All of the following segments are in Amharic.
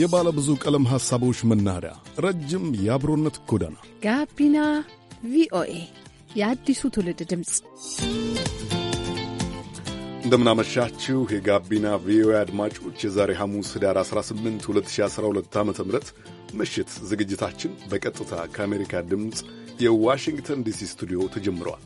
የባለ ብዙ ቀለም ሐሳቦች መናኸሪያ፣ ረጅም የአብሮነት ጎዳና ጋቢና ቪኦኤ የአዲሱ ትውልድ ድምፅ። እንደምናመሻችሁ የጋቢና ቪኦኤ አድማጮች፣ የዛሬ ሐሙስ ህዳር 18 2012 ዓ ም ምሽት ዝግጅታችን በቀጥታ ከአሜሪካ ድምፅ የዋሽንግተን ዲሲ ስቱዲዮ ተጀምረዋል።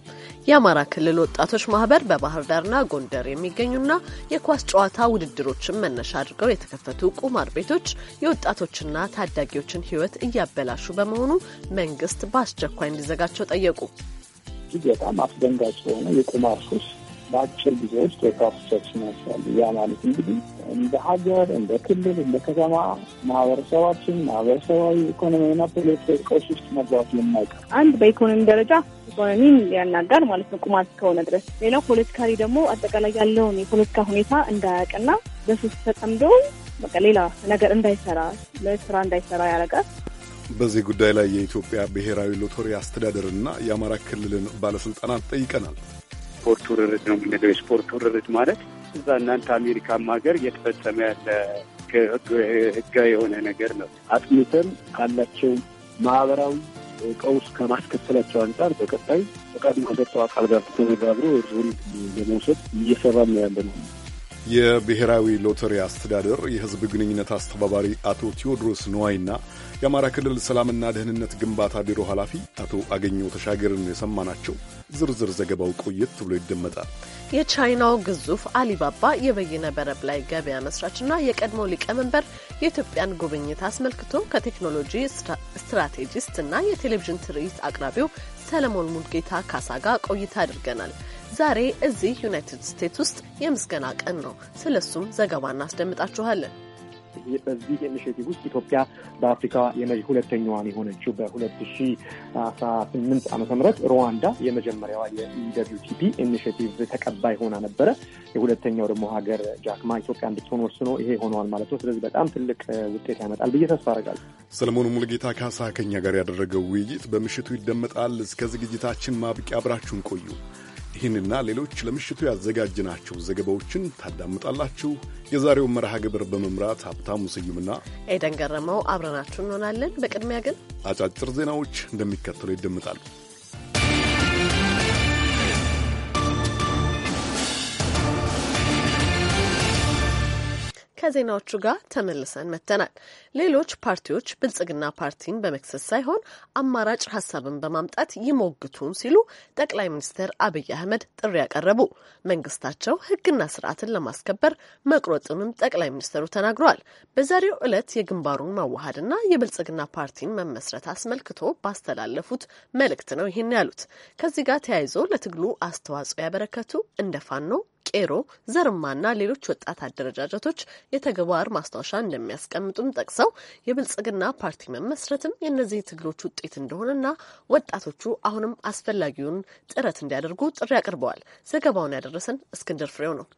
የአማራ ክልል ወጣቶች ማህበር በባህር ዳርና ጎንደር የሚገኙና የኳስ ጨዋታ ውድድሮችን መነሻ አድርገው የተከፈቱ ቁማር ቤቶች የወጣቶችና ታዳጊዎችን ሕይወት እያበላሹ በመሆኑ መንግስት በአስቸኳይ እንዲዘጋቸው ጠየቁ። እጅግ በጣም አስደንጋጭ የሆነ የቁማር ሱስ በአጭር ጊዜ ውስጥ የፕሮሰሶችን ያስላሉ። ያ ማለት እንግዲህ እንደ ሀገር፣ እንደ ክልል፣ እንደ ከተማ ማህበረሰባችን ማህበረሰባዊ ኢኮኖሚና ፖለቲካዊ ቀውስ ውስጥ መግባት የማይቀር አንድ በኢኮኖሚ ደረጃ ኢኮኖሚን ያናጋል ማለት ነው ቁማት ከሆነ ድረስ። ሌላው ፖለቲካሪ ደግሞ አጠቃላይ ያለውን የፖለቲካ ሁኔታ እንዳያውቅና በሱስ ተጠምዶ በቃ ሌላ ነገር እንዳይሰራ ስራ እንዳይሰራ ያደርጋል። በዚህ ጉዳይ ላይ የኢትዮጵያ ብሔራዊ ሎተሪ አስተዳደርና የአማራ ክልልን ባለስልጣናት ጠይቀናል። የስፖርት ውርርድ ነው የምንለው። የስፖርት ውርርድ ማለት እዛ እናንተ አሜሪካም ሀገር እየተፈጸመ ያለ ህጋዊ የሆነ ነገር ነው። አጥንተን ካላቸው ማህበራዊ ቀውስ ከማስከተላቸው አንጻር በቀጣይ ፈቃድ ማህበረሰብ አካል ጋር ተነጋግሮ ዙን ለመውሰድ እየሰራ ነው ያለ ነው። የብሔራዊ ሎተሪ አስተዳደር የህዝብ ግንኙነት አስተባባሪ አቶ ቴዎድሮስ ነዋይና የአማራ ክልል ሰላምና ደህንነት ግንባታ ቢሮ ኃላፊ አቶ አገኘው ተሻገርን ናቸው። ዝርዝር ዘገባው ቆየት ብሎ ይደመጣል። የቻይናው ግዙፍ አሊባባ የበይነ መረብ ላይ ገበያ መስራችና የቀድሞ ሊቀመንበር የኢትዮጵያን ጉብኝት አስመልክቶ ከቴክኖሎጂ ስትራቴጂስት እና የቴሌቪዥን ትርኢት አቅራቢው ሰለሞን ሙልጌታ ካሳ ጋር ቆይታ አድርገናል። ዛሬ እዚህ ዩናይትድ ስቴትስ ውስጥ የምስጋና ቀን ነው። ስለሱም ዘገባ እናስደምጣችኋለን። በዚህ ኢኒሽቲቭ ውስጥ ኢትዮጵያ በአፍሪካ ሁለተኛዋን የሆነችው በ 2018 ዓ ምት ሩዋንዳ የመጀመሪያዋ የኢደብሊውቲፒ ኢኒሽቲቭ ተቀባይ ሆና ነበረ። የሁለተኛው ደግሞ ሀገር ጃክማ ኢትዮጵያ እንድትሆን ወስኖ ይሄ ሆነዋል ማለት ነው። ስለዚህ በጣም ትልቅ ውጤት ያመጣል ብዬ ተስፋ አደርጋለሁ። ሰለሞን ሙልጌታ ካሳ ከኛ ጋር ያደረገው ውይይት በምሽቱ ይደመጣል። እስከ ዝግጅታችን ማብቂያ አብራችሁን ቆዩ። ይህንና ሌሎች ለምሽቱ ያዘጋጅናቸው ዘገባዎችን ታዳምጣላችሁ። የዛሬውን መርሃ ግብር በመምራት ሀብታሙ ስዩምና ኤደን ገረመው አብረናችሁ እንሆናለን። በቅድሚያ ግን አጫጭር ዜናዎች እንደሚከተሉ ይደመጣሉ። ከዜናዎቹ ጋር ተመልሰን መጥተናል። ሌሎች ፓርቲዎች ብልጽግና ፓርቲን በመክሰስ ሳይሆን አማራጭ ሀሳብን በማምጣት ይሞግቱን ሲሉ ጠቅላይ ሚኒስትር አብይ አህመድ ጥሪ ያቀረቡ፣ መንግስታቸው ህግና ስርዓትን ለማስከበር መቁረጥንም ጠቅላይ ሚኒስትሩ ተናግረዋል። በዛሬው ዕለት የግንባሩን መዋሃድና የብልጽግና ፓርቲን መመስረት አስመልክቶ ባስተላለፉት መልእክት ነው ይህን ያሉት። ከዚህ ጋር ተያይዞ ለትግሉ አስተዋጽኦ ያበረከቱ እንደ ፋኖ ቄሮ፣ ዘርማና ሌሎች ወጣት አደረጃጀቶች የተግባር ማስታወሻ እንደሚያስቀምጡም ጠቅሰው የብልጽግና ፓርቲ መመስረትም የእነዚህ ትግሎች ውጤት እንደሆነና ወጣቶቹ አሁንም አስፈላጊውን ጥረት እንዲያደርጉ ጥሪ አቅርበዋል። ዘገባውን ያደረሰን እስክንድር ፍሬው ነው።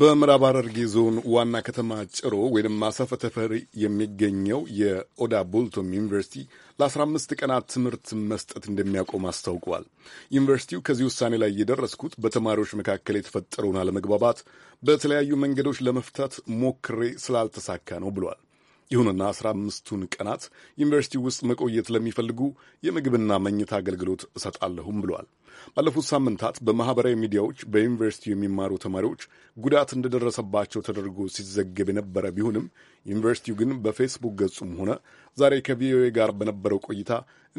በምዕራብ ሐረርጌ ዞን ዋና ከተማ ጭሮ ወይም ማሳፈ ተፈሪ የሚገኘው የኦዳ ቦልቶም ዩኒቨርሲቲ ለ15 ቀናት ትምህርት መስጠት እንደሚያቆም አስታውቋል። ዩኒቨርሲቲው ከዚህ ውሳኔ ላይ የደረስኩት በተማሪዎች መካከል የተፈጠረውን አለመግባባት በተለያዩ መንገዶች ለመፍታት ሞክሬ ስላልተሳካ ነው ብሏል። ይሁንና አስራ አምስቱን ቀናት ዩኒቨርሲቲ ውስጥ መቆየት ለሚፈልጉ የምግብና መኝታ አገልግሎት እሰጣለሁም ብለዋል። ባለፉት ሳምንታት በማኅበራዊ ሚዲያዎች በዩኒቨርሲቲ የሚማሩ ተማሪዎች ጉዳት እንደደረሰባቸው ተደርጎ ሲዘገብ የነበረ ቢሆንም ዩኒቨርሲቲው ግን በፌስቡክ ገጹም ሆነ ዛሬ ከቪኦኤ ጋር በነበረው ቆይታ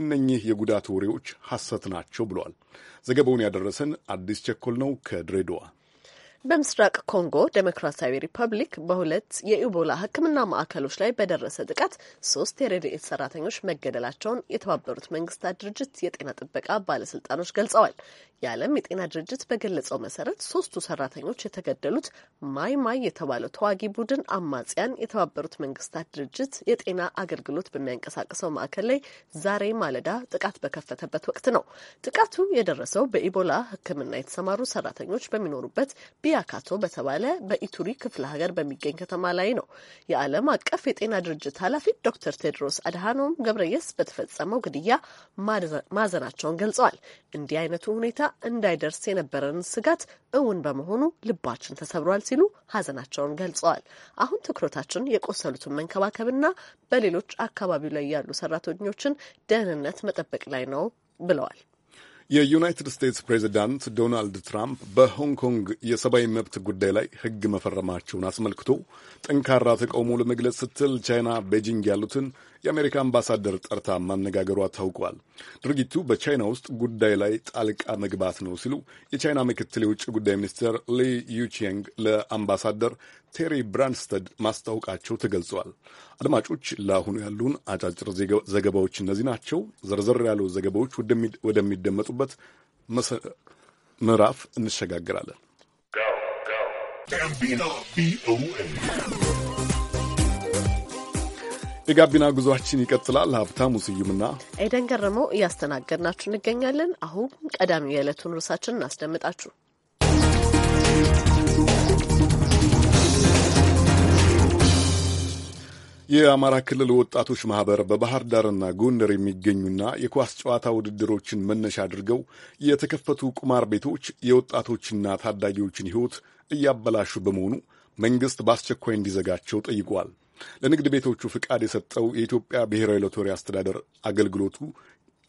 እነኚህ የጉዳት ወሬዎች ሐሰት ናቸው ብለዋል። ዘገባውን ያደረሰን አዲስ ቸኮል ነው ከድሬዳዋ። በምስራቅ ኮንጎ ዴሞክራሲያዊ ሪፐብሊክ በሁለት የኢቦላ ሕክምና ማዕከሎች ላይ በደረሰ ጥቃት ሶስት የረድኤት ሰራተኞች መገደላቸውን የተባበሩት መንግስታት ድርጅት የጤና ጥበቃ ባለስልጣኖች ገልጸዋል። የዓለም የጤና ድርጅት በገለጸው መሰረት ሶስቱ ሰራተኞች የተገደሉት ማይ ማይ የተባለው ተዋጊ ቡድን አማጽያን የተባበሩት መንግስታት ድርጅት የጤና አገልግሎት በሚያንቀሳቅሰው ማዕከል ላይ ዛሬ ማለዳ ጥቃት በከፈተበት ወቅት ነው። ጥቃቱ የደረሰው በኢቦላ ሕክምና የተሰማሩ ሰራተኞች በሚኖሩበት ዲያካቶ በተባለ በኢቱሪ ክፍለ ሀገር በሚገኝ ከተማ ላይ ነው። የዓለም አቀፍ የጤና ድርጅት ኃላፊ ዶክተር ቴድሮስ አድሃኖም ገብረየስ በተፈጸመው ግድያ ማዘናቸውን ገልጸዋል። እንዲህ አይነቱ ሁኔታ እንዳይደርስ የነበረን ስጋት እውን በመሆኑ ልባችን ተሰብሯል ሲሉ ሀዘናቸውን ገልጸዋል። አሁን ትኩረታችን የቆሰሉትን መንከባከብና በሌሎች አካባቢው ላይ ያሉ ሰራተኞችን ደህንነት መጠበቅ ላይ ነው ብለዋል። የዩናይትድ ስቴትስ ፕሬዚዳንት ዶናልድ ትራምፕ በሆንግ ኮንግ የሰብአዊ መብት ጉዳይ ላይ ሕግ መፈረማቸውን አስመልክቶ ጠንካራ ተቃውሞ ለመግለጽ ስትል ቻይና ቤጂንግ ያሉትን የአሜሪካ አምባሳደር ጠርታ ማነጋገሯ ታውቋል። ድርጊቱ በቻይና ውስጥ ጉዳይ ላይ ጣልቃ መግባት ነው ሲሉ የቻይና ምክትል የውጭ ጉዳይ ሚኒስትር ሊ ዩቼንግ ለአምባሳደር ቴሪ ብራንስተድ ማስታወቃቸው ተገልጿል። አድማጮች፣ ለአሁኑ ያሉን አጫጭር ዘገባዎች እነዚህ ናቸው። ዘርዘር ያሉ ዘገባዎች ወደሚደመጡበት ምዕራፍ እንሸጋግራለን። የጋቢና ጉዟችን ይቀጥላል። ሀብታሙ ስዩምና ኤደን ገረመው እያስተናገድናችሁ እንገኛለን። አሁን ቀዳሚው የዕለቱን ርዕሳችን እናስደምጣችሁ። የአማራ ክልል ወጣቶች ማህበር በባህር ዳርና ጎንደር የሚገኙና የኳስ ጨዋታ ውድድሮችን መነሻ አድርገው የተከፈቱ ቁማር ቤቶች የወጣቶችና ታዳጊዎችን ሕይወት እያበላሹ በመሆኑ መንግሥት በአስቸኳይ እንዲዘጋቸው ጠይቋል። ለንግድ ቤቶቹ ፍቃድ የሰጠው የኢትዮጵያ ብሔራዊ ሎተሪ አስተዳደር አገልግሎቱ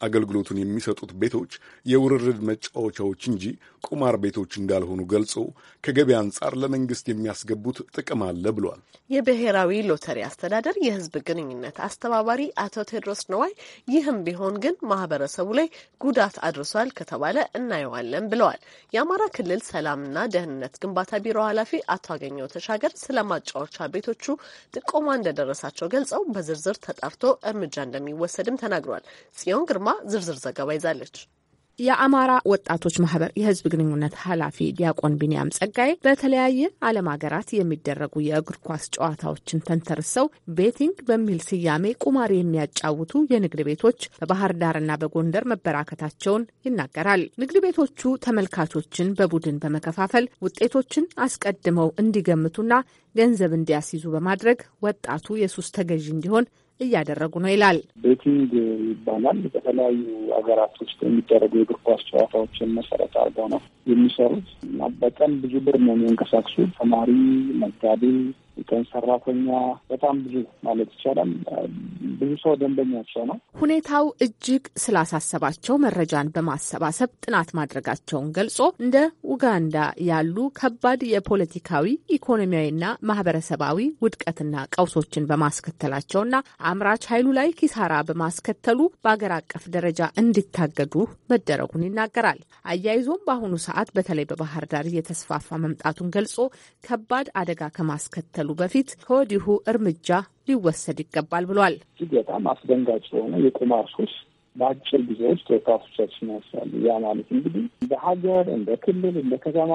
አገልግሎቱን የሚሰጡት ቤቶች የውርርድ መጫወቻዎች እንጂ ቁማር ቤቶች እንዳልሆኑ ገልጾ ከገቢ አንጻር ለመንግስት የሚያስገቡት ጥቅም አለ ብሏል። የብሔራዊ ሎተሪ አስተዳደር የህዝብ ግንኙነት አስተባባሪ አቶ ቴድሮስ ነዋይ ይህም ቢሆን ግን ማህበረሰቡ ላይ ጉዳት አድርሷል ከተባለ እናየዋለን ብለዋል። የአማራ ክልል ሰላምና ደህንነት ግንባታ ቢሮ ኃላፊ አቶ አገኘው ተሻገር ስለ ማጫወቻ ቤቶቹ ጥቆማ እንደደረሳቸው ገልጸው በዝርዝር ተጣርቶ እርምጃ እንደሚወሰድም ተናግሯል። ጽዮን ግርማ ከተማ ዝርዝር ዘገባ ይዛለች። የአማራ ወጣቶች ማህበር የህዝብ ግንኙነት ኃላፊ ዲያቆን ቢንያም ጸጋይ በተለያየ ዓለም ሀገራት የሚደረጉ የእግር ኳስ ጨዋታዎችን ተንተርሰው ቤቲንግ በሚል ስያሜ ቁማር የሚያጫውቱ የንግድ ቤቶች በባህር ዳርና በጎንደር መበራከታቸውን ይናገራል። ንግድ ቤቶቹ ተመልካቾችን በቡድን በመከፋፈል ውጤቶችን አስቀድመው እንዲገምቱና ገንዘብ እንዲያስይዙ በማድረግ ወጣቱ የሱስ ተገዢ እንዲሆን እያደረጉ ነው ይላል። ቤቲንግ ይባላል። በተለያዩ ሀገራት ውስጥ የሚደረጉ የእግር ኳስ ጨዋታዎችን መሰረት አድርገው ነው የሚሰሩት በቀን ብዙ ብር ነው የሚንቀሳቅሱ ተማሪ፣ መጋቢ ቀን ሰራተኛ በጣም ብዙ ማለት ይቻላል ብዙ ሰው ደንበኛቸው ነው። ሁኔታው እጅግ ስላሳሰባቸው መረጃን በማሰባሰብ ጥናት ማድረጋቸውን ገልጾ እንደ ኡጋንዳ ያሉ ከባድ የፖለቲካዊ ኢኮኖሚያዊና ማህበረሰባዊ ውድቀትና ቀውሶችን በማስከተላቸውና አምራች ኃይሉ ላይ ኪሳራ በማስከተሉ በአገር አቀፍ ደረጃ እንዲታገዱ መደረጉን ይናገራል። አያይዞም በአሁኑ ሰዓት በተለይ በባህር ዳር እየተስፋፋ መምጣቱን ገልጾ ከባድ አደጋ ከማስከተሉ ከመቀጠሉ በፊት ከወዲሁ እርምጃ ሊወሰድ ይገባል ብሏል። እጅግ በጣም አስደንጋጭ የሆነ የቁማር ሱስ በአጭር ጊዜ ውስጥ ወጣቶቻችን ያሳሉ። ያ ማለት እንግዲህ እንደ ሀገር፣ እንደ ክልል፣ እንደ ከተማ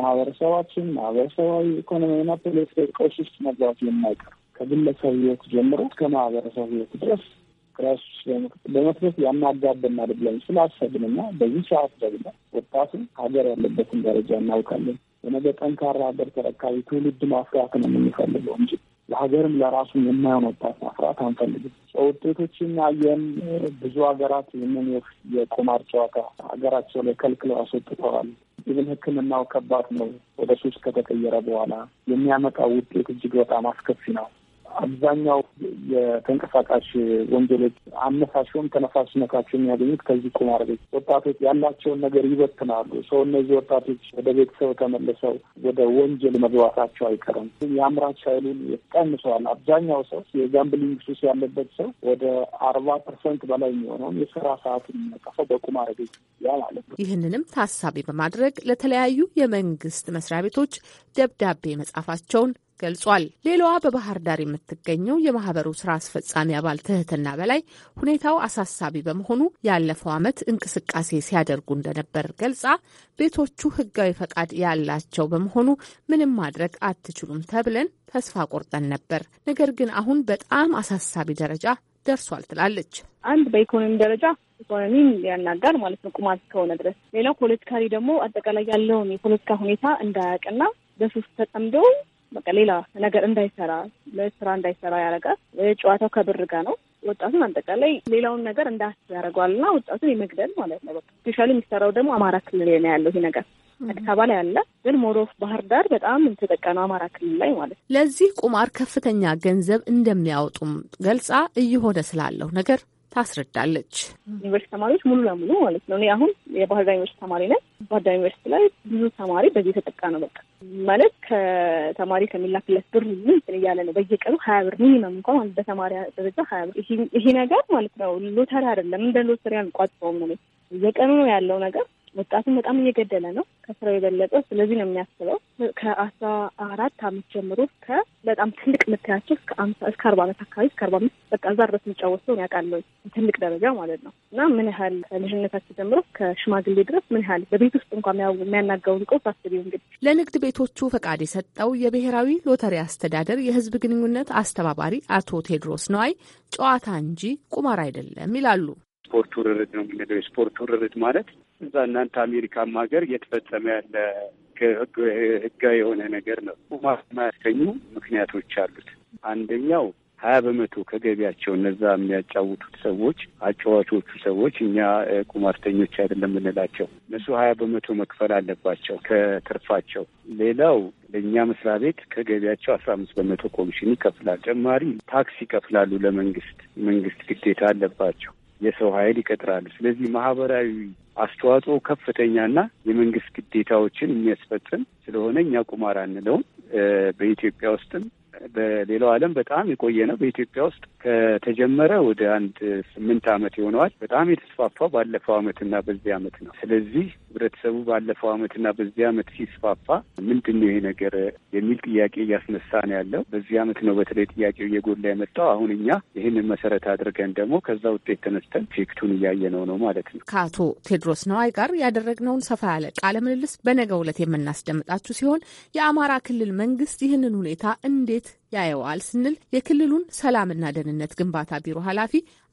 ማህበረሰባችን ማህበረሰባዊ ኢኮኖሚና ፖለቲካዊ ቀውስ ውስጥ መግባት የማይቀር ከግለሰብ ህይወት ጀምሮ እስከ ማህበረሰብ ሕይወት ድረስ ራሱ በመክበት ያናጋብና ብለን ስላሰብንና በዚህ ሰዓት ደግሞ ወጣቱ ሀገር ያለበትን ደረጃ እናውቃለን። የነገ ጠንካራ ሀገር ተረካቢ ትውልድ ማፍራት ነው የምንፈልገው እንጂ ለሀገርም ለራሱ የማይሆን ወጣት ማፍራት አንፈልግም። ውጤቶችን አየን። ብዙ ሀገራት ይህንን የቁማር ጨዋታ ሀገራቸው ላይ ከልክለው አስወጥተዋል። ይህን ሕክምናው ከባድ ነው። ወደ ሶስት ከተቀየረ በኋላ የሚያመጣው ውጤት እጅግ በጣም አስከፊ ነው። አብዛኛው የተንቀሳቃሽ ወንጀሎች አነሳሽውም ተነሳሽነታቸው የሚያገኙት ከዚህ ቁማር ቤት ወጣቶች ያላቸውን ነገር ይበትናሉ። ሰው እነዚህ ወጣቶች ወደ ቤተሰብ ተመልሰው ወደ ወንጀል መግባታቸው አይቀርም። የአምራች ኃይሉን ቀንሰዋል። አብዛኛው ሰው የጋምብሊንግ ሱስ ያለበት ሰው ወደ አርባ ፐርሰንት በላይ የሚሆነውን የስራ ሰዓት የሚያጠፋው በቁማር ቤት ያ ማለት ነው። ይህንንም ታሳቢ በማድረግ ለተለያዩ የመንግስት መስሪያ ቤቶች ደብዳቤ መጻፋቸውን ገልጿል። ሌላዋ በባህር ዳር የምትገኘው የማህበሩ ስራ አስፈጻሚ አባል ትህትና በላይ ሁኔታው አሳሳቢ በመሆኑ ያለፈው ዓመት እንቅስቃሴ ሲያደርጉ እንደነበር ገልጻ ቤቶቹ ህጋዊ ፈቃድ ያላቸው በመሆኑ ምንም ማድረግ አትችሉም ተብለን ተስፋ ቆርጠን ነበር። ነገር ግን አሁን በጣም አሳሳቢ ደረጃ ደርሷል ትላለች። አንድ በኢኮኖሚ ደረጃ ኢኮኖሚን ያናጋር ማለት ነው ቁማት እስከሆነ ድረስ። ሌላው ፖለቲካሊ ደግሞ አጠቃላይ ያለውን የፖለቲካ ሁኔታ እንዳያውቅና በሱስ ተጠምደው በቃ ሌላ ነገር እንዳይሰራ ስራ እንዳይሰራ ያደርጋል። ጨዋታው ከብር ጋር ነው። ወጣቱን አጠቃላይ ሌላውን ነገር እንዳያስብ ያደርገዋል እና ወጣቱን የመግደል ማለት ነው። በቃ ስፔሻሊ የሚሰራው ደግሞ አማራ ክልል ነው ያለው ይሄ ነገር አዲስ አበባ ላይ አለ፣ ግን ሞሮፍ ባህር ዳር በጣም ተጠቀነው አማራ ክልል ላይ ማለት ነው። ለዚህ ቁማር ከፍተኛ ገንዘብ እንደሚያወጡም ገልጻ እየሆነ ስላለው ነገር ታስረዳለች። ዩኒቨርሲቲ ተማሪዎች ሙሉ ለሙሉ ማለት ነው። እኔ አሁን የባህር ዳር ዩኒቨርሲቲ ተማሪ ነኝ። ባህር ዳር ዩኒቨርሲቲ ላይ ብዙ ተማሪ በዚህ የተጠቃ ነው። በቃ ማለት ከተማሪ ከሚላክለት ብር እንትን እያለ ነው። በየቀኑ ሀያ ብር ሚኒመም እንኳን ማለት በተማሪ ደረጃ ሀያ ብር። ይሄ ነገር ማለት ነው ሎተሪ አይደለም፣ እንደ ሎተሪ አንቋጥረውም ነው። የቀኑ ነው ያለው ነገር ወጣቱን በጣም እየገደለ ነው ከስራው የበለጠ። ስለዚህ ነው የሚያስበው ከአስራ አራት አመት ጀምሮ እስከ በጣም ትልቅ የምታያቸው እስከ አምሳ እስከ አርባ አመት አካባቢ እስከ አርባ አምስት በቃ እዛ ድረስ የሚጫወት ሰውን ያውቃለሁ ትልቅ ደረጃ ማለት ነው። እና ምን ያህል ከልጅነታቸው ጀምሮ ከሽማግሌ ድረስ ምን ያህል በቤት ውስጥ እንኳ የሚያናጋውን ቀውስ አስቢው። እንግዲህ ለንግድ ቤቶቹ ፈቃድ የሰጠው የብሔራዊ ሎተሪ አስተዳደር የህዝብ ግንኙነት አስተባባሪ አቶ ቴድሮስ ነዋይ ጨዋታ እንጂ ቁማር አይደለም ይላሉ። ስፖርት ውርርድ ነው የምንለው። የስፖርት ውርርድ ማለት እዛ እናንተ አሜሪካም ሀገር እየተፈጸመ ያለ ህጋዊ የሆነ ነገር ነው። ማያሰኙ ምክንያቶች አሉት። አንደኛው ሀያ በመቶ ከገቢያቸው እነዛ የሚያጫውቱት ሰዎች አጫዋቾቹ ሰዎች እኛ ቁማርተኞች አይደለም የምንላቸው እነሱ ሀያ በመቶ መክፈል አለባቸው ከትርፋቸው። ሌላው ለእኛ መስሪያ ቤት ከገቢያቸው አስራ አምስት በመቶ ኮሚሽን ይከፍላል። ተጨማሪ ታክስ ይከፍላሉ ለመንግስት። መንግስት ግዴታ አለባቸው። የሰው ኃይል ይቀጥራሉ። ስለዚህ ማህበራዊ አስተዋጽኦ ከፍተኛና የመንግስት ግዴታዎችን የሚያስፈጽም ስለሆነ እኛ ቁማር አንለውም። በኢትዮጵያ ውስጥም በሌላው ዓለም በጣም የቆየ ነው። በኢትዮጵያ ውስጥ ከተጀመረ ወደ አንድ ስምንት ዓመት ይሆነዋል። በጣም የተስፋፋው ባለፈው ዓመትና በዚህ ዓመት ነው። ስለዚህ ህብረተሰቡ ባለፈው ዓመትና በዚህ ዓመት ሲስፋፋ ምንድን ነው ይሄ ነገር የሚል ጥያቄ እያስነሳ ነው ያለው። በዚህ ዓመት ነው በተለይ ጥያቄው እየጎላ የመጣው። አሁን እኛ ይህንን መሰረት አድርገን ደግሞ ከዛ ውጤት ተነስተን ፌክቱን እያየ ነው ማለት ነው። ከአቶ ቴድሮስ ነዋይ ጋር ያደረግነውን ሰፋ ያለ ቃለ ምልልስ በነገው ዕለት የምናስደምጣችሁ ሲሆን የአማራ ክልል መንግስት ይህንን ሁኔታ እንዴት ያየዋል ስንል የክልሉን ሰላምና ደህንነት ግንባታ ቢሮ ኃላፊ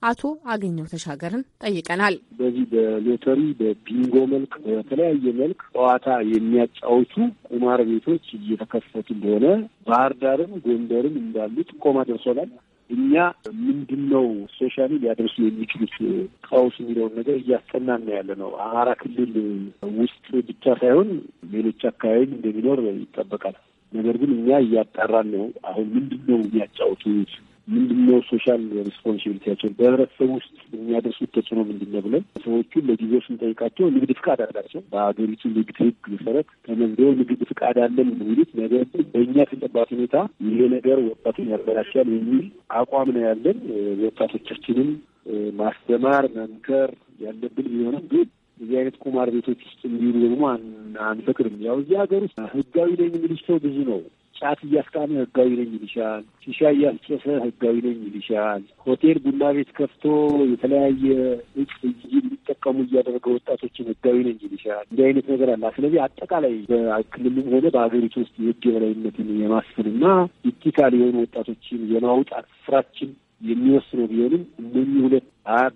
አቶ አገኘው ተሻገርን ጠይቀናል። በዚህ በሎተሪ በቢንጎ መልክ በተለያየ መልክ ጨዋታ የሚያጫወቱ ቁማር ቤቶች እየተከፈቱ እንደሆነ ባህር ዳርም ጎንደርም እንዳሉ ጥቆማ ደርሶናል። እኛ ምንድን ነው ሶሻሊ ሊያደርሱ የሚችሉት ቀውስ የሚለውን ነገር እያስጠናን ያለ ነው። አማራ ክልል ውስጥ ብቻ ሳይሆን ሌሎች አካባቢ እንደሚኖር ይጠበቃል። ነገር ግን እኛ እያጣራን ነው። አሁን ምንድን ነው የሚያጫውቱት? ምንድን ነው ሶሻል ሪስፖንሲቢሊቲያቸው በህብረተሰብ ውስጥ የሚያደርሱት ተጽዕኖ ምንድን ነው ብለን ሰዎቹን ለጊዜው ስንጠይቃቸው ንግድ ፍቃድ አላቸው። በሀገሪቱ ንግድ ህግ መሰረት ተመዝገው ንግድ ፍቃድ አለን የሚሉት ነገር ግን በእኛ ተጨባጭ ሁኔታ ይሄ ነገር ወጣቱን ያበላሻል የሚል አቋም ነው ያለን። ወጣቶቻችንም ማስተማር መምከር ያለብን ቢሆንም ግን እዚህ አይነት ቁማር ቤቶች ውስጥ እንዲሉ ደግሞ አንፈቅድም። ያው እዚህ ሀገር ውስጥ ህጋዊ ነኝ የሚልሽ ሰው ብዙ ነው። ጫት እያስቃመ ህጋዊ ነኝ ይልሻል። ሺሻ እያስጨሰ ህጋዊ ነኝ ይልሻል። ሆቴል፣ ቡና ቤት ከፍቶ የተለያየ እጭ እንዲጠቀሙ እያደረገ ወጣቶችን ህጋዊ ነኝ ይልሻል። እንዲህ አይነት ነገር አለ። ስለዚህ አጠቃላይ በክልሉም ሆነ በሀገሪቱ ውስጥ የህግ የበላይነትን የማስፈንና ኢቲካል የሆኑ ወጣቶችን የማውጣት ስራችን የሚወስነው ቢሆንም እነኚህ ሁለት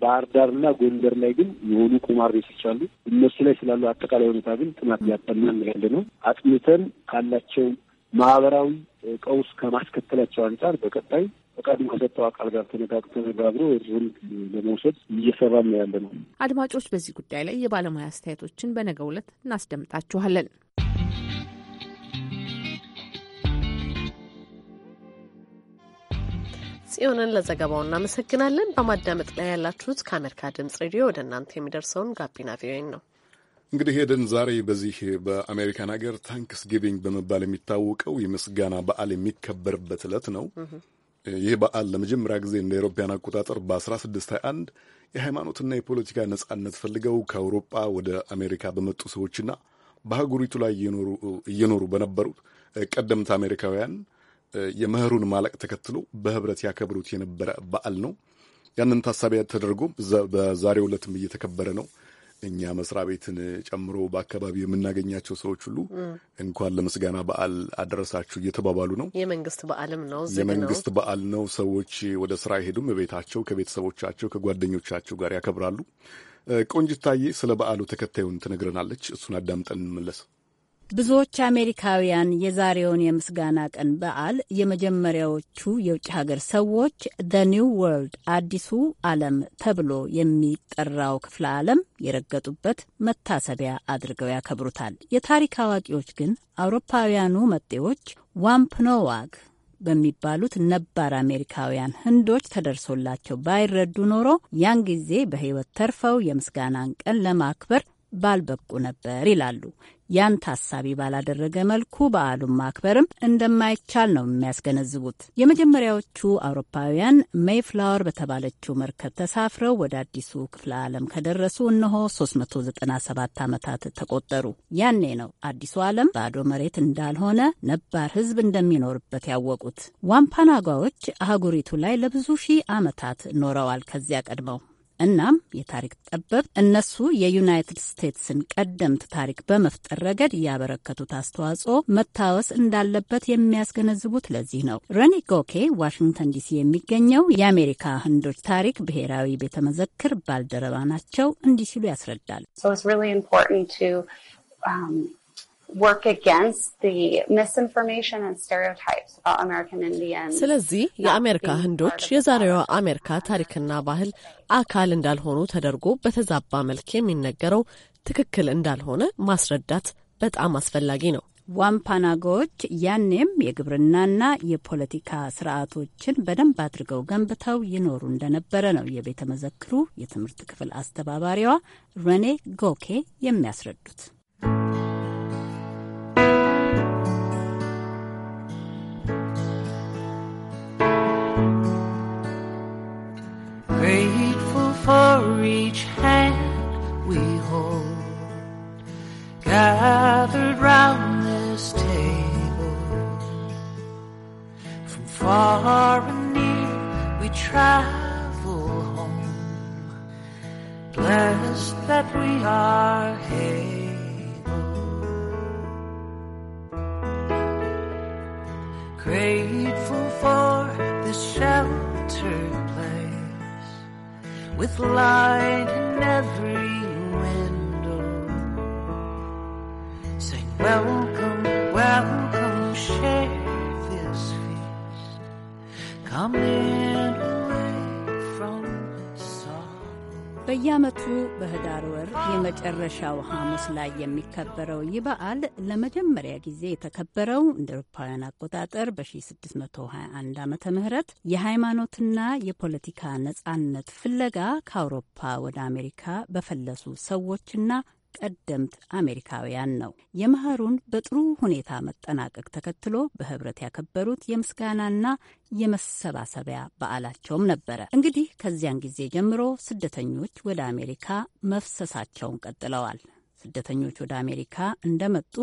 ባህር ዳርና ጎንደር ላይ ግን የሆኑ ቁማር ቤቶች አሉ። እነሱ ላይ ስላሉ አጠቃላይ ሁኔታ ግን ጥናት እያጠናን ያለ ነው። አጥንተን ካላቸው ማህበራዊ ቀውስ ከማስከተላቸው አንጻር በቀጣይ ፈቃዱን ከሰጠው አካል ጋር ተነጋግቶ ተነጋግሮ እርምት ለመውሰድ እየሰራ ነው ያለ ነው። አድማጮች፣ በዚህ ጉዳይ ላይ የባለሙያ አስተያየቶችን በነገው ዕለት እናስደምጣችኋለን። ጽዮንን ለዘገባው እናመሰግናለን። በማዳመጥ ላይ ያላችሁት ከአሜሪካ ድምጽ ሬዲዮ ወደ እናንተ የሚደርሰውን ጋቢና ቪኦኤ ነው። እንግዲህ ሄደን ዛሬ በዚህ በአሜሪካን ሀገር ታንክስ ጊቪንግ በመባል የሚታወቀው የምስጋና በዓል የሚከበርበት ዕለት ነው። ይህ በዓል ለመጀመሪያ ጊዜ እንደ ኤሮፓያን አቆጣጠር በ1621 የሃይማኖትና የፖለቲካ ነጻነት ፈልገው ከአውሮጳ ወደ አሜሪካ በመጡ ሰዎችና በሀገሪቱ ላይ እየኖሩ በነበሩት ቀደምት አሜሪካውያን የመኸሩን ማለቅ ተከትሎ በህብረት ያከብሩት የነበረ በዓል ነው። ያንን ታሳቢ ተደርጎ በዛሬው ዕለትም እየተከበረ ነው። እኛ መስሪያ ቤትን ጨምሮ በአካባቢ የምናገኛቸው ሰዎች ሁሉ እንኳን ለምስጋና በዓል አደረሳችሁ እየተባባሉ ነው። የመንግስት በዓልም ነው። የመንግስት በዓል ነው። ሰዎች ወደ ስራ አይሄዱም። ቤታቸው ከቤተሰቦቻቸው ከጓደኞቻቸው ጋር ያከብራሉ። ቆንጅታዬ ስለ በዓሉ ተከታዩን ትነግረናለች። እሱን አዳምጠን እንመለስ። ብዙዎች አሜሪካውያን የዛሬውን የምስጋና ቀን በዓል የመጀመሪያዎቹ የውጭ ሀገር ሰዎች ዘ ኒው ወርልድ አዲሱ ዓለም ተብሎ የሚጠራው ክፍለ ዓለም የረገጡበት መታሰቢያ አድርገው ያከብሩታል። የታሪክ አዋቂዎች ግን አውሮፓውያኑ መጤዎች ዋምፕኖዋግ በሚባሉት ነባር አሜሪካውያን ህንዶች ተደርሶላቸው ባይረዱ ኖሮ ያን ጊዜ በህይወት ተርፈው የምስጋናን ቀን ለማክበር ባልበቁ ነበር ይላሉ። ያን ታሳቢ ባላደረገ መልኩ በዓሉን ማክበርም እንደማይቻል ነው የሚያስገነዝቡት። የመጀመሪያዎቹ አውሮፓውያን ሜይፍላወር በተባለችው መርከብ ተሳፍረው ወደ አዲሱ ክፍለ ዓለም ከደረሱ እነሆ 397 ዓመታት ተቆጠሩ። ያኔ ነው አዲሱ ዓለም ባዶ መሬት እንዳልሆነ ነባር ሕዝብ እንደሚኖርበት ያወቁት። ዋምፓናጓዎች አህጉሪቱ ላይ ለብዙ ሺህ ዓመታት ኖረዋል ከዚያ ቀድመው እናም የታሪክ ጠበብ እነሱ የዩናይትድ ስቴትስን ቀደምት ታሪክ በመፍጠር ረገድ ያበረከቱት አስተዋጽኦ መታወስ እንዳለበት የሚያስገነዝቡት ለዚህ ነው። ረኒ ጎኬ ዋሽንግተን ዲሲ የሚገኘው የአሜሪካ ህንዶች ታሪክ ብሔራዊ ቤተ መዘክር ባልደረባ ናቸው። እንዲህ ሲሉ ያስረዳል። work against the misinformation and stereotypes about American Indians. ስለዚህ የአሜሪካ ህንዶች የዛሬዋ አሜሪካ ታሪክና ባህል አካል እንዳልሆኑ ተደርጎ በተዛባ መልክ የሚነገረው ትክክል እንዳልሆነ ማስረዳት በጣም አስፈላጊ ነው። ዋምፓናጎች ያኔም የግብርናና የፖለቲካ ስርዓቶችን በደንብ አድርገው ገንብተው ይኖሩ እንደነበረ ነው የቤተ መዘክሩ የትምህርት ክፍል አስተባባሪዋ ረኔ ጎኬ የሚያስረዱት። for each hand we hold, gathered round this table. From far and near we travel home, blessed that we are here. with light in every window. Say, welcome, welcome, share this feast. Come in away from the በህዳር ወር የመጨረሻው ሐሙስ ላይ የሚከበረው ይህ በዓል ለመጀመሪያ ጊዜ የተከበረው እንደ አውሮፓውያን አቆጣጠር በ1621 ዓመተ ምህረት የሃይማኖትና የፖለቲካ ነጻነት ፍለጋ ከአውሮፓ ወደ አሜሪካ በፈለሱ ሰዎችና ቀደምት አሜሪካውያን ነው። የመኸሩን በጥሩ ሁኔታ መጠናቀቅ ተከትሎ በህብረት ያከበሩት የምስጋናና የመሰባሰቢያ በዓላቸውም ነበረ። እንግዲህ ከዚያን ጊዜ ጀምሮ ስደተኞች ወደ አሜሪካ መፍሰሳቸውን ቀጥለዋል። ስደተኞች ወደ አሜሪካ እንደመጡ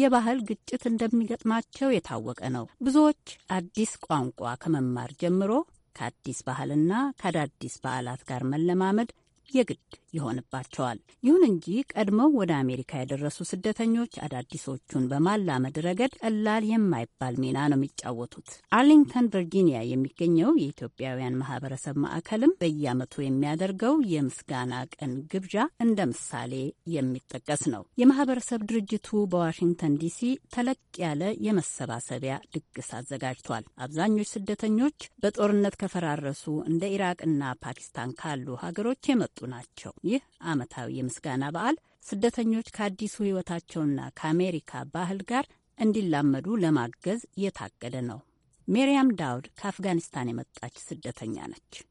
የባህል ግጭት እንደሚገጥማቸው የታወቀ ነው። ብዙዎች አዲስ ቋንቋ ከመማር ጀምሮ ከአዲስ ባህልና ከአዳዲስ በዓላት ጋር መለማመድ የግድ ይሆንባቸዋል። ይሁን እንጂ ቀድመው ወደ አሜሪካ የደረሱ ስደተኞች አዳዲሶቹን በማላመድ ረገድ ቀላል የማይባል ሚና ነው የሚጫወቱት። አርሊንግተን ቨርጂኒያ የሚገኘው የኢትዮጵያውያን ማህበረሰብ ማዕከልም በየዓመቱ የሚያደርገው የምስጋና ቀን ግብዣ እንደ ምሳሌ የሚጠቀስ ነው። የማህበረሰብ ድርጅቱ በዋሽንግተን ዲሲ ተለቅ ያለ የመሰባሰቢያ ድግስ አዘጋጅቷል። አብዛኞች ስደተኞች በጦርነት ከፈራረሱ እንደ ኢራቅና ፓኪስታን ካሉ ሀገሮች የመጡ ናቸው። ይህ ዓመታዊ የምስጋና በዓል ስደተኞች ከአዲሱ ሕይወታቸውና ከአሜሪካ ባህል ጋር እንዲላመዱ ለማገዝ እየታቀደ ነው። ሜሪያም ዳውድ ከአፍጋኒስታን የመጣች ስደተኛ ነች።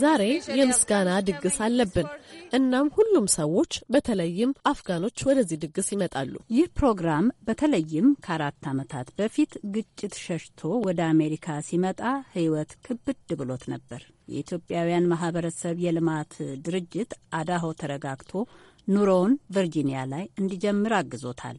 ዛሬ የምስጋና ድግስ አለብን። እናም ሁሉም ሰዎች በተለይም አፍጋኖች ወደዚህ ድግስ ይመጣሉ። ይህ ፕሮግራም በተለይም ከአራት ዓመታት በፊት ግጭት ሸሽቶ ወደ አሜሪካ ሲመጣ ሕይወት ክብድ ብሎት ነበር። የኢትዮጵያውያን ማህበረሰብ የልማት ድርጅት አዳሆ ተረጋግቶ ኑሮውን ቨርጂኒያ ላይ እንዲጀምር አግዞታል።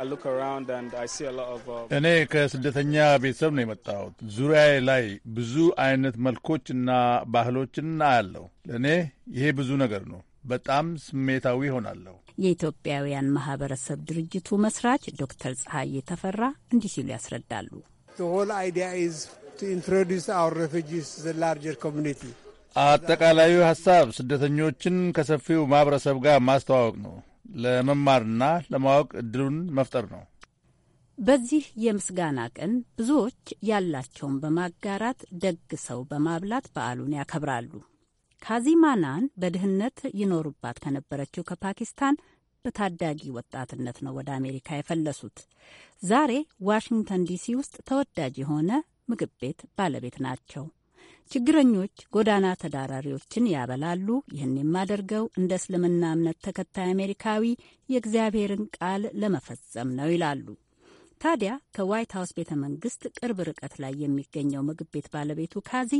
Uh, እኔ ከስደተኛ ቤተሰብ ነው የመጣሁት። ዙሪያዬ ላይ ብዙ አይነት መልኮች እና ባህሎችን እናያለሁ። ለእኔ ይሄ ብዙ ነገር ነው። በጣም ስሜታዊ ሆናለሁ። የኢትዮጵያውያን ማህበረሰብ ድርጅቱ መስራች ዶክተር ፀሐይ የተፈራ እንዲህ ሲሉ ያስረዳሉ። አጠቃላዩ ሀሳብ ስደተኞችን ከሰፊው ማህበረሰብ ጋር ማስተዋወቅ ነው። ለመማርና ለማወቅ እድሉን መፍጠር ነው። በዚህ የምስጋና ቀን ብዙዎች ያላቸውን በማጋራት ደግ ሰው በማብላት በዓሉን ያከብራሉ። ካዚማናን በድህነት ይኖሩባት ከነበረችው ከፓኪስታን በታዳጊ ወጣትነት ነው ወደ አሜሪካ የፈለሱት። ዛሬ ዋሽንግተን ዲሲ ውስጥ ተወዳጅ የሆነ ምግብ ቤት ባለቤት ናቸው። ችግረኞች ጎዳና ተዳራሪዎችን ያበላሉ። ይህን የማደርገው እንደ እስልምና እምነት ተከታይ አሜሪካዊ የእግዚአብሔርን ቃል ለመፈጸም ነው ይላሉ። ታዲያ ከዋይት ሀውስ ቤተ መንግስት ቅርብ ርቀት ላይ የሚገኘው ምግብ ቤት ባለቤቱ ካዚ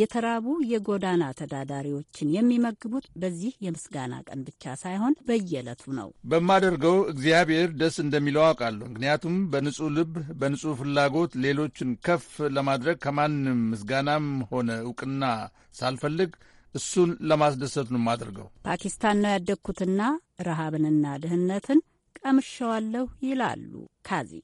የተራቡ የጎዳና ተዳዳሪዎችን የሚመግቡት በዚህ የምስጋና ቀን ብቻ ሳይሆን በየዕለቱ ነው። በማደርገው እግዚአብሔር ደስ እንደሚለው አውቃለሁ። ምክንያቱም በንጹህ ልብ፣ በንጹህ ፍላጎት ሌሎችን ከፍ ለማድረግ ከማንም ምስጋናም ሆነ እውቅና ሳልፈልግ እሱን ለማስደሰት ነው የማደርገው። ፓኪስታን ነው ያደግኩትና ረሃብንና ድህነትን ቀምሸዋለሁ ይላሉ ካዚ።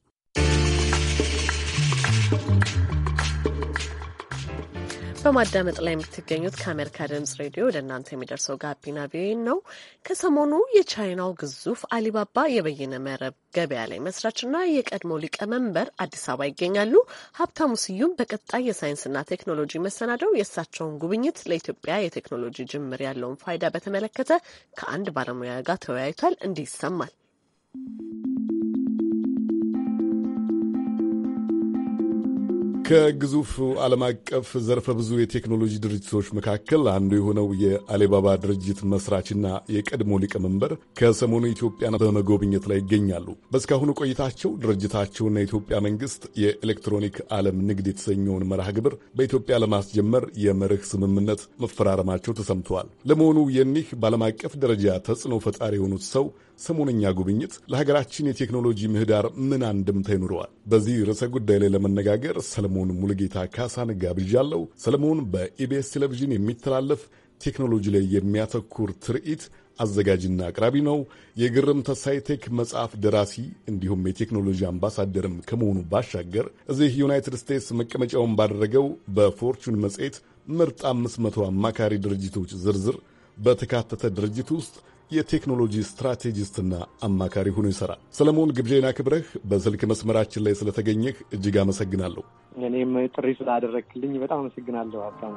በማዳመጥ ላይ የምትገኙት ከአሜሪካ ድምጽ ሬዲዮ ወደ እናንተ የሚደርሰው ጋቢና ቪኦኤ ነው። ከሰሞኑ የቻይናው ግዙፍ አሊባባ የበይነ መረብ ገበያ ላይ መስራችና የቀድሞ ሊቀመንበር አዲስ አበባ ይገኛሉ። ሀብታሙ ስዩም በቀጣይ የሳይንስና ቴክኖሎጂ መሰናደው የእሳቸውን ጉብኝት ለኢትዮጵያ የቴክኖሎጂ ጅምር ያለውን ፋይዳ በተመለከተ ከአንድ ባለሙያ ጋር ተወያይቷል። እንዲህ ይሰማል። ከግዙፍ ዓለም አቀፍ ዘርፈ ብዙ የቴክኖሎጂ ድርጅቶች መካከል አንዱ የሆነው የአሊባባ ድርጅት መስራችና የቀድሞ ሊቀመንበር ከሰሞኑ ኢትዮጵያን በመጎብኘት ላይ ይገኛሉ። በእስካሁኑ ቆይታቸው ድርጅታቸውና የኢትዮጵያ መንግስት የኤሌክትሮኒክ ዓለም ንግድ የተሰኘውን መርሃ ግብር በኢትዮጵያ ለማስጀመር የመርህ ስምምነት መፈራረማቸው ተሰምተዋል። ለመሆኑ የኒህ በዓለም አቀፍ ደረጃ ተጽዕኖ ፈጣሪ የሆኑት ሰው ሰሞነኛ ጉብኝት ለሀገራችን የቴክኖሎጂ ምህዳር ምን አንድምታ ይኑረዋል? በዚህ ርዕሰ ጉዳይ ላይ ለመነጋገር ሰለሞን ሙልጌታ ካሳን ጋብዣለሁ። ሰለሞን በኢቢኤስ ቴሌቪዥን የሚተላለፍ ቴክኖሎጂ ላይ የሚያተኩር ትርኢት አዘጋጅና አቅራቢ ነው። የግርም ተሳይ ቴክ መጽሐፍ ደራሲ እንዲሁም የቴክኖሎጂ አምባሳደርም ከመሆኑ ባሻገር እዚህ ዩናይትድ ስቴትስ መቀመጫውን ባደረገው በፎርቹን መጽሔት ምርጥ መቶ አማካሪ ድርጅቶች ዝርዝር በተካተተ ድርጅት ውስጥ የቴክኖሎጂ ስትራቴጂስትና አማካሪ ሆኖ ይሰራል ሰለሞን ግብዣና ክብረህ በስልክ መስመራችን ላይ ስለተገኘህ እጅግ አመሰግናለሁ። እኔም ጥሪ ስላደረግልኝ በጣም አመሰግናለሁ ሀብታሙ።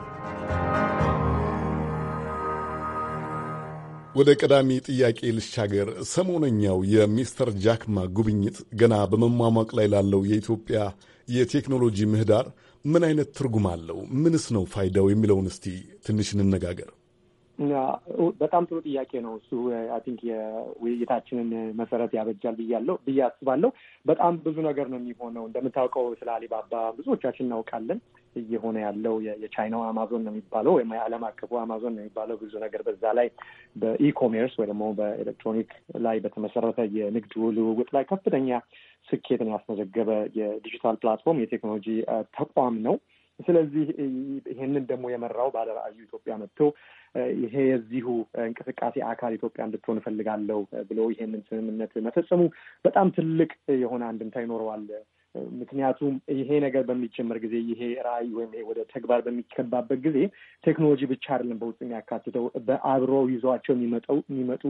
ወደ ቀዳሚ ጥያቄ ልሻገር። ሰሞነኛው የሚስተር ጃክማ ጉብኝት ገና በመሟሟቅ ላይ ላለው የኢትዮጵያ የቴክኖሎጂ ምህዳር ምን አይነት ትርጉም አለው? ምንስ ነው ፋይዳው የሚለውን እስቲ ትንሽ እንነጋገር። በጣም ጥሩ ጥያቄ ነው። እሱ አይ ቲንክ የውይይታችንን መሰረት ያበጃል ብያለው ብዬ አስባለሁ። በጣም ብዙ ነገር ነው የሚሆነው። እንደምታውቀው ስለ አሊባባ ብዙዎቻችን እናውቃለን። እየሆነ ያለው የቻይናው አማዞን ነው የሚባለው ወይም የዓለም አቀፉ አማዞን ነው የሚባለው ብዙ ነገር በዛ ላይ በኢኮሜርስ ወይ ደግሞ በኤሌክትሮኒክ ላይ በተመሰረተ የንግድ ልውውጥ ላይ ከፍተኛ ስኬትን ያስመዘገበ የዲጂታል ፕላትፎርም የቴክኖሎጂ ተቋም ነው። ስለዚህ ይሄንን ደግሞ የመራው ባለራዕዩ ኢትዮጵያ መጥቶ ይሄ የዚሁ እንቅስቃሴ አካል ኢትዮጵያ እንድትሆን እፈልጋለሁ ብሎ ይሄንን ስምምነት መፈጸሙ በጣም ትልቅ የሆነ አንድምታ ይኖረዋል ምክንያቱም ይሄ ነገር በሚጀመር ጊዜ ይሄ ራዕይ ወይም ይሄ ወደ ተግባር በሚከባበት ጊዜ ቴክኖሎጂ ብቻ አይደለም በውስጥ የሚያካትተው በአብሮ ይዟቸው የሚመጠው የሚመጡ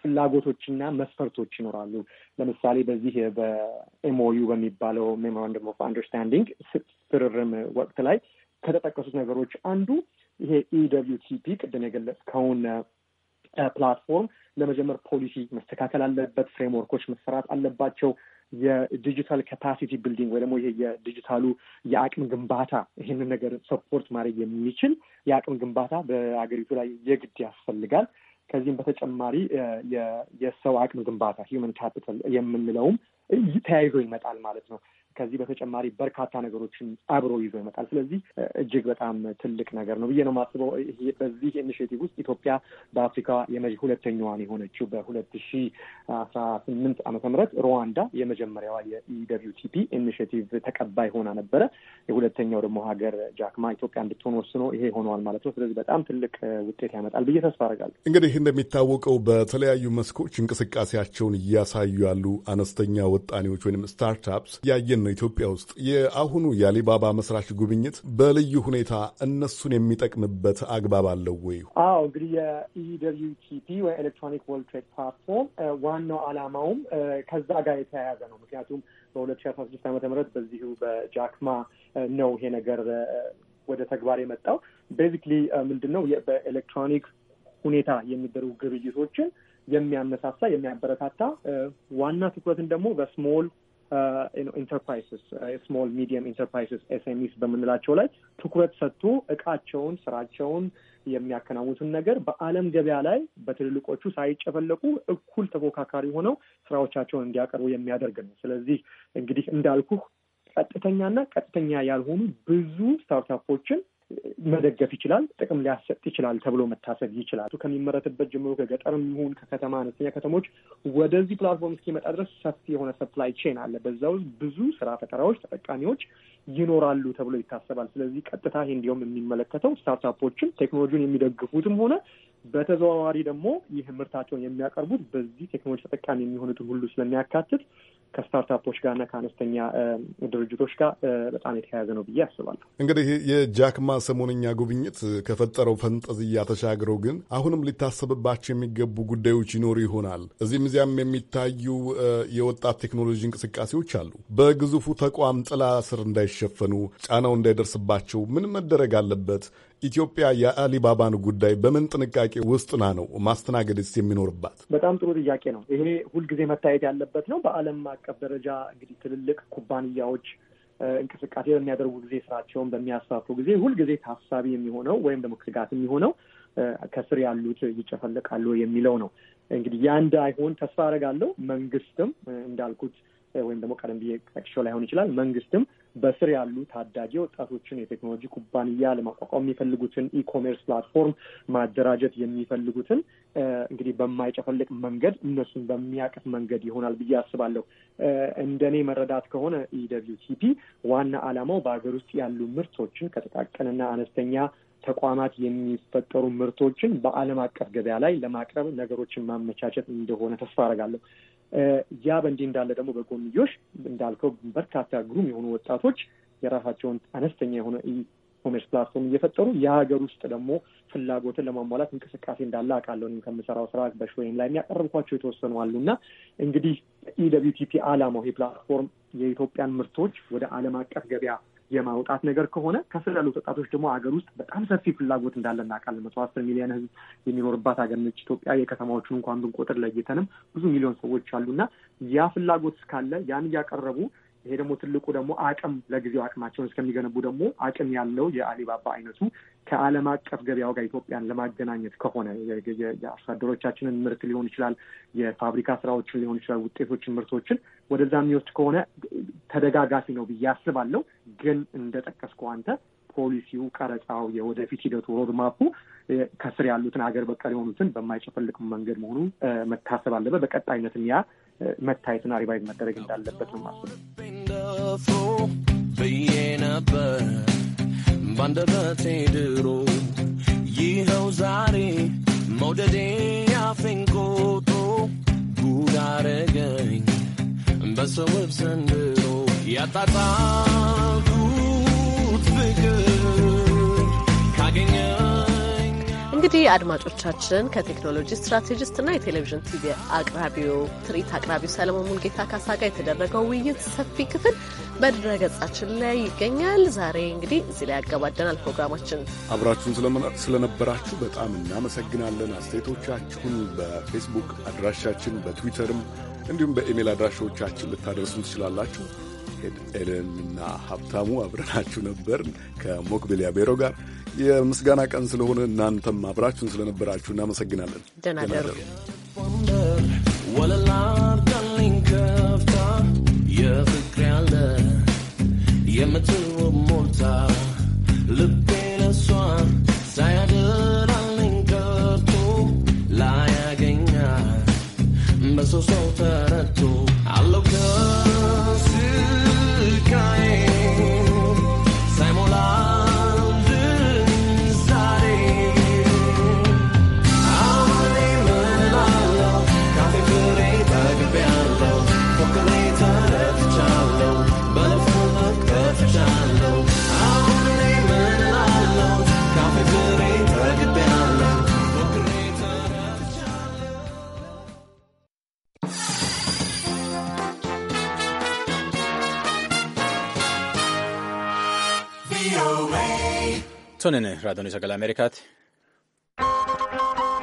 ፍላጎቶችና መስፈርቶች ይኖራሉ። ለምሳሌ በዚህ በኤምኦዩ በሚባለው ሜሞራንደም ኦፍ አንደርስታንዲንግ ስርርም ወቅት ላይ ከተጠቀሱት ነገሮች አንዱ ይሄ ኢደብሊውቲፒ e ቅድም የገለጽከውን ፕላትፎርም ለመጀመር ፖሊሲ መስተካከል አለበት፣ ፍሬምወርኮች መሰራት አለባቸው፣ የዲጂታል ካፓሲቲ ቢልዲንግ ወይ ደግሞ ይሄ የዲጂታሉ የአቅም ግንባታ ይህንን ነገር ሰፖርት ማድረግ የሚችል የአቅም ግንባታ በአገሪቱ ላይ የግድ ያስፈልጋል። ከዚህም በተጨማሪ የሰው አቅም ግንባታ ሂውመን ካፒታል የምንለውም ተያይዞ ይመጣል ማለት ነው። ከዚህ በተጨማሪ በርካታ ነገሮችን አብሮ ይዞ ይመጣል። ስለዚህ እጅግ በጣም ትልቅ ነገር ነው ብዬ ነው የማስበው። በዚህ ኢኒሽቲቭ ውስጥ ኢትዮጵያ በአፍሪካ ሁለተኛዋን የሆነችው በሁለት ሺ አስራ ስምንት ዓመተ ምህረት ሩዋንዳ የመጀመሪያዋ የኢደብዩቲፒ ኢኒሽቲቭ ተቀባይ ሆና ነበረ። የሁለተኛው ደግሞ ሀገር ጃክማ ኢትዮጵያ እንድትሆን ወስኖ ይሄ ሆነዋል ማለት ነው። ስለዚህ በጣም ትልቅ ውጤት ያመጣል ብዬ ተስፋ አደርጋለሁ። እንግዲህ እንደሚታወቀው በተለያዩ መስኮች እንቅስቃሴያቸውን እያሳዩ ያሉ አነስተኛ ወጣኔዎች ወይም ስታርታፕስ እያየን ነው ኢትዮጵያ ውስጥ የአሁኑ የአሊባባ መስራች ጉብኝት በልዩ ሁኔታ እነሱን የሚጠቅምበት አግባብ አለው ወይ? አዎ እንግዲህ የኢደብሊውቲፒ ወይ ኤሌክትሮኒክ ወርልድ ትሬድ ፕላትፎርም ዋናው ዓላማውም ከዛ ጋር የተያያዘ ነው። ምክንያቱም በ ስድስት ዓመተ ምህረት በዚሁ በጃክማ ነው ይሄ ነገር ወደ ተግባር የመጣው። ቤዚክሊ ምንድን ነው በኤሌክትሮኒክ ሁኔታ የሚደረጉ ግብይቶችን የሚያነሳሳ የሚያበረታታ ዋና ትኩረትን ደግሞ በስሞል ኢንተርፕራይስስ ስሞል ሚዲየም ኢንተርፕራይስስ ኤስኤምኢስ በምንላቸው ላይ ትኩረት ሰጥቶ እቃቸውን፣ ስራቸውን የሚያከናውኑትን ነገር በዓለም ገበያ ላይ በትልልቆቹ ሳይጨፈለቁ እኩል ተፎካካሪ ሆነው ስራዎቻቸውን እንዲያቀርቡ የሚያደርግ ነው። ስለዚህ እንግዲህ እንዳልኩህ ቀጥተኛና ቀጥተኛ ያልሆኑ ብዙ ስታርታፖችን መደገፍ ይችላል፣ ጥቅም ሊያሰጥ ይችላል ተብሎ መታሰብ ይችላል። ከሚመረትበት ጀምሮ ከገጠርም ይሁን ከከተማ አነስተኛ ከተሞች ወደዚህ ፕላትፎርም እስኪመጣ ድረስ ሰፊ የሆነ ሰፕላይ ቼን አለ። በዛ ውስጥ ብዙ ስራ ፈጠራዎች፣ ተጠቃሚዎች ይኖራሉ ተብሎ ይታሰባል። ስለዚህ ቀጥታ ይሄ እንዲሁም የሚመለከተው ስታርታፖችን ቴክኖሎጂውን የሚደግፉትም ሆነ በተዘዋዋሪ ደግሞ ይህ ምርታቸውን የሚያቀርቡት በዚህ ቴክኖሎጂ ተጠቃሚ የሚሆኑትን ሁሉ ስለሚያካትት ከስታርታፖች ጋርና ከአነስተኛ ድርጅቶች ጋር በጣም የተያያዘ ነው ብዬ አስባለሁ። እንግዲህ የጃክማ ሰሞነኛ ጉብኝት ከፈጠረው ፈንጠዝያ ተሻግረው ግን አሁንም ሊታሰብባቸው የሚገቡ ጉዳዮች ይኖሩ ይሆናል። እዚህም እዚያም የሚታዩ የወጣት ቴክኖሎጂ እንቅስቃሴዎች አሉ። በግዙፉ ተቋም ጥላ ስር እንዳይሸፈኑ፣ ጫናው እንዳይደርስባቸው ምን መደረግ አለበት? ኢትዮጵያ የአሊባባን ጉዳይ በምን ጥንቃቄ ውስጥ ና ነው ማስተናገድስ የሚኖርባት? በጣም ጥሩ ጥያቄ ነው። ይሄ ሁልጊዜ መታየት ያለበት ነው። በዓለም አቀፍ ደረጃ እንግዲህ ትልልቅ ኩባንያዎች እንቅስቃሴ በሚያደርጉ ጊዜ፣ ስራቸውን በሚያስፋፉ ጊዜ ሁልጊዜ ታሳቢ የሚሆነው ወይም ደግሞ ስጋት የሚሆነው ከስር ያሉት ይጨፈለቃሉ የሚለው ነው። እንግዲህ ያ እንዳይሆን ተስፋ አደርጋለሁ። መንግስትም እንዳልኩት ወይም ደግሞ ቀደም ብዬ ጠቅሼው ላይሆን ይችላል። መንግስትም በስር ያሉ ታዳጊ ወጣቶችን የቴክኖሎጂ ኩባንያ ለማቋቋም የሚፈልጉትን ኢኮሜርስ ፕላትፎርም ማደራጀት የሚፈልጉትን እንግዲህ በማይጨፈልቅ መንገድ እነሱን በሚያቅፍ መንገድ ይሆናል ብዬ አስባለሁ። እንደኔ መረዳት ከሆነ ኢደብሊው e ዋና ዓላማው በሀገር ውስጥ ያሉ ምርቶችን ከተጣቀንና አነስተኛ ተቋማት የሚፈጠሩ ምርቶችን በዓለም አቀፍ ገበያ ላይ ለማቅረብ ነገሮችን ማመቻቸት እንደሆነ ተስፋ አደርጋለሁ። ያ በእንዲህ እንዳለ ደግሞ በጎንዮሽ እንዳልከው በርካታ ግሩም የሆኑ ወጣቶች የራሳቸውን አነስተኛ የሆነ ኢኮሜርስ ፕላትፎርም እየፈጠሩ የሀገር ውስጥ ደግሞ ፍላጎትን ለማሟላት እንቅስቃሴ እንዳለ አውቃለሁ። እኔም ከምሰራው ስራ በሾይም ላይ የሚያቀርብኳቸው የተወሰኑ አሉ እና እንግዲህ ኢደብዩቲፒ አላማው ይህ ፕላትፎርም የኢትዮጵያን ምርቶች ወደ ዓለም አቀፍ ገበያ የማውጣት ነገር ከሆነ ከስር ያሉት ወጣቶች ደግሞ ሀገር ውስጥ በጣም ሰፊ ፍላጎት እንዳለ እናውቃለን። መቶ አስር ሚሊዮን ህዝብ የሚኖርባት ሀገር ነች ኢትዮጵያ። የከተማዎቹን እንኳን ብንቆጥር ለይተንም ብዙ ሚሊዮን ሰዎች አሉና ያ ፍላጎት እስካለ ያን እያቀረቡ ይሄ ደግሞ ትልቁ ደግሞ አቅም ለጊዜው አቅማቸውን እስከሚገነቡ ደግሞ አቅም ያለው የአሊባባ አይነቱ ከዓለም አቀፍ ገበያው ጋር ኢትዮጵያን ለማገናኘት ከሆነ የአርሶ አደሮቻችንን ምርት ሊሆን ይችላል፣ የፋብሪካ ስራዎችን ሊሆን ይችላል፣ ውጤቶችን፣ ምርቶችን ወደዛ የሚወስድ ከሆነ ተደጋጋፊ ነው ብዬ አስባለሁ። ግን እንደጠቀስከው አንተ ፖሊሲው፣ ቀረጻው፣ የወደፊት ሂደቱ ሮድማፑ ከስር ያሉትን ሀገር በቀል የሆኑትን በማይጨፈልቅ መንገድ መሆኑ መታሰብ አለበት። በቀጣይነትም ያ መታየትና ሪቫይቭ መደረግ እንዳለበት ነው ማስበው ነበር ባንደበቴ ድሮ ይኸው ዛሬ መውደዴ ያፌንቆጦ ጉድ አረገኝ በሰዎች ዘንድሮ ያጣጣሉት ፍቅር እንግዲህ አድማጮቻችን ከቴክኖሎጂ ስትራቴጂስትና የቴሌቪዥን ቲቪ አቅራቢው ትርኢት አቅራቢው ሰለሞን ሙልጌታ ካሳ ጋር የተደረገው ውይይት ሰፊ ክፍል በድረገጻችን ላይ ይገኛል። ዛሬ እንግዲህ እዚህ ላይ ያገባደናል ፕሮግራማችን። አብራችሁን ስለነበራችሁ በጣም እናመሰግናለን። አስተያየቶቻችሁን በፌስቡክ አድራሻችን፣ በትዊተርም እንዲሁም በኢሜይል አድራሻዎቻችን ልታደርሱን ትችላላችሁ። እና ሀብታሙ አብረናችሁ ነበር ከሞክቤሊያ ቤሮ ጋር የምስጋና ቀን ስለሆነ እናንተም አብራችሁን ስለነበራችሁ እናመሰግናለን። ደናደሩ Sonine raadiyoon isa